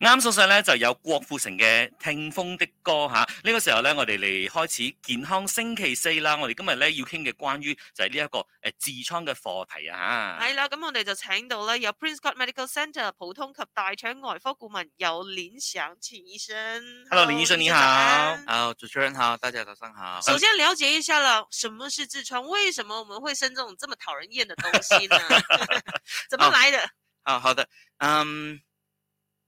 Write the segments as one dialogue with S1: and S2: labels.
S1: 啱送上咧，就有郭富城嘅聽風的歌吓。呢、這個時候咧，我哋嚟開始健康星期四啦。我哋今日咧要傾嘅關於就係呢一個誒、呃、痔瘡嘅課題啊。吓，係
S2: 啦，咁我哋就請到咧有 Prince Court Medical Centre 普通及大腸外科顧問有 l 想。n s 醫生。Hello，李醫生你好。
S3: 好，Hello, 主持人好，大家早上好。首
S2: 先了解一下啦，什麼是痔瘡？為什麼我們會生這種這麼討人厭的東西呢？ 怎麼來的？
S3: 好、oh, oh, 好的，嗯、um,。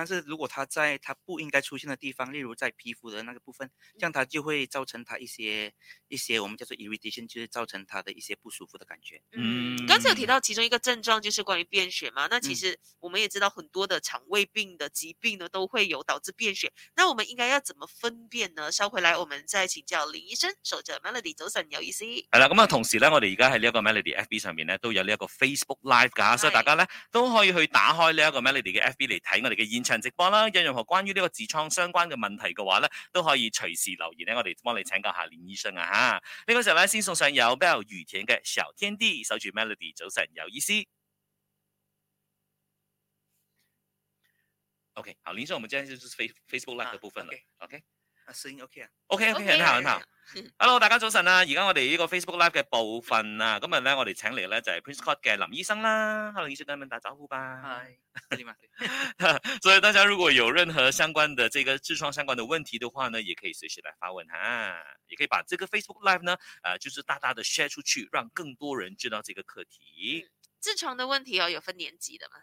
S3: 但是如果它在它不應該出現的地方，例如在皮膚的那個部分，這樣它就會造成它一些一些我們叫做 irritation，就是造成它的一些不舒服的感覺，嗯。
S1: 嗯，剛
S2: 才有提到其中一個症狀就是關於便血嘛，那其實我們也知道很多的腸胃病的疾病呢都會有導致便血。那我們應該要怎麼分辨呢？稍後回來我們再請教林醫生，守着 Melody 早晨有意思。
S1: 係、嗯、啦，咁、嗯、啊，同時咧，我哋而家喺呢一個 Melody FB 上面咧都有呢一個 Facebook Live 噶、嗯，所以大家咧都可以去打開呢一個 Melody 的 FB 嚟睇我哋嘅場直播啦，有任何關於呢個痔瘡相關嘅問題嘅話咧，都可以隨時留言咧，我哋幫你請教下林醫生啊嚇。呢、這個時候咧，先送上有 Bill 雨田嘅小天地，守住 melody 早晨有意思。OK，好，林醫生，我們接下就 face Facebook Live、啊、嘅、這個、部分啦。OK, okay。聲音 okay、啊，先 OK 啊，OK，OK，你好，你、okay, 好、啊，Hello，大家早晨啊，而 家我哋呢個 Facebook Live 嘅部分啊，今日咧我哋請嚟咧就係 Prince Scott 嘅林醫生啦，Hello，林醫生跟你哋打招呼吧。Hi， 所以大家如果有任何相關嘅這個痔瘡相關的問題嘅話呢，也可以隨時來發問啊，也可以把這個 Facebook Live 呢，啊、呃，就是大大的 share 出去，讓更多人知道呢個課題、嗯。
S2: 痔瘡的問題哦，有分年紀嘅嗎？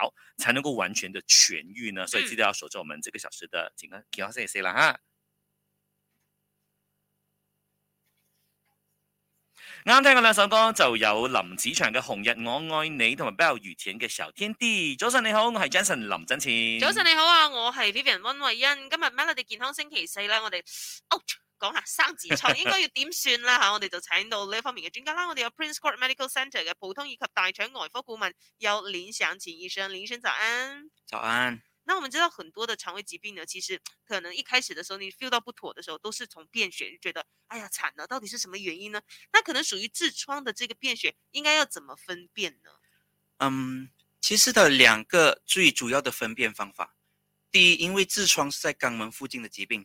S1: 好，才能夠完全的痊癒呢、嗯，所以記得要守住我們這個小時的健康。健康星期四啦？哈！啱聽嘅兩首歌就有林子祥嘅《紅日我愛你》同埋 bell 余倩嘅《小天地》。早晨你好，我係 Jensen 林振前。早晨你好
S2: 啊，我係 Vivian 溫慧欣。今日咩？我哋健康星期四啦，我哋講下生痔瘡應該要點算啦吓，我哋就請到呢方面嘅專家啦。我哋有 Prince Court Medical Centre 嘅普通以及大腸外科顧問，有林祥前醫生，林醫生，早安！
S3: 早安。
S2: 那我們知道很多的腸胃疾病呢，其實可能一開始的時候你 feel 到不妥的時候，都是從便血就覺得，哎呀慘了，到底是什麼原因呢？那可能屬於痔瘡的這個便血，應該要怎麼分辨呢？嗯，
S3: 其實的兩個最主要的分辨方法，第一，因為痔瘡是在肛門附近的疾病。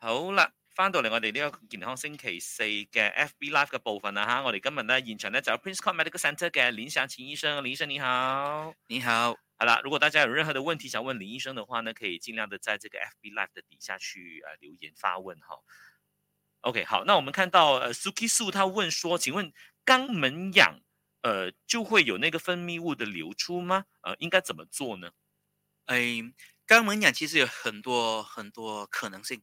S1: 好啦，翻到嚟我哋呢個健康星期四嘅 FB Live 嘅部分啦、啊、吓，我哋今日咧現場呢，就有 Prince Court Medical Center 嘅林祥琴醫生，林醫生你好，你好，好啦，如果大家有任何的問題想問林醫生嘅話呢，可以盡量的在這個 FB Live 嘅底下去啊、呃、留言發問哈。OK，好，那我們看到呃 Suki Su，他問說，請問肛門癢，呃，就會有那個分泌物的流出嗎？呃，應該怎麼做呢？誒、呃、肛門癢其實有很多很多可能性。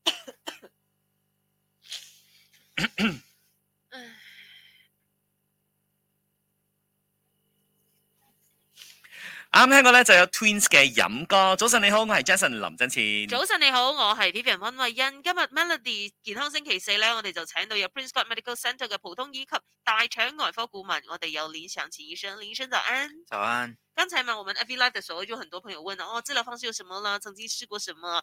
S1: 啱 聽過咧，就有 Twins 嘅飲歌。早晨你好，我係 Jason 林振前。早
S2: 晨你好，我係 Vivian 溫慧欣。今日 Melody 健康星期四咧，我哋就請到有 Prince God Medical Center 嘅普通以及大腸外科顧問。我哋有連上千醫生，上，連生就安。早安。剛才問，我們 FB Live 嘅時候，就很多朋友問啦。哦，治療方式有什麼啦？曾經試過什麼？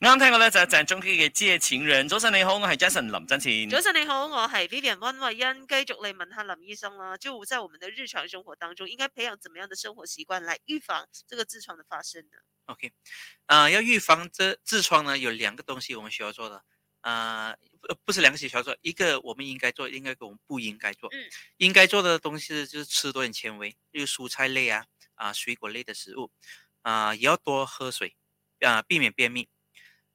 S1: 啱聽嘅咧就係鄭中基嘅借情人。早晨你好，我係 Jason 林真前。早晨
S2: 你好，我係 Vivian 溫慧欣。繼續嚟問下林醫生啦，即係喺我們的日常生活當中，應該培養怎麼樣的生活習慣嚟預防這個痔瘡的發生呢
S3: ？OK，啊、呃，要預防這痔瘡呢，有兩個東西我們需要做嘅，啊，不，不是兩個需要做，一個我們應該做，應該，我們不應該做。嗯，應該做的東西就是吃多點纖維，例如蔬菜類啊，啊、呃，水果類的食物，啊、呃，也要多喝水，啊、呃，避免便秘。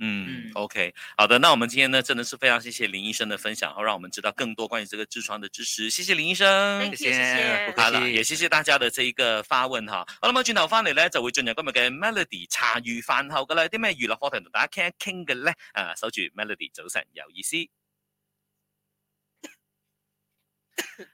S1: 嗯，嗯，OK，好的，那我們今天呢，真的是非常謝謝林醫生的分享，然後讓我們知道更多關於這個痔瘡的知識。謝謝林醫生，謝謝，唔該，也謝謝大家的這一個發問哈。好啦，咁轉頭翻嚟呢就會進入今日嘅 Melody 茶餘飯後嘅啦，啲咩娛樂話題同大家傾一傾嘅咧，誒、啊，守住 Melody 早晨有意思。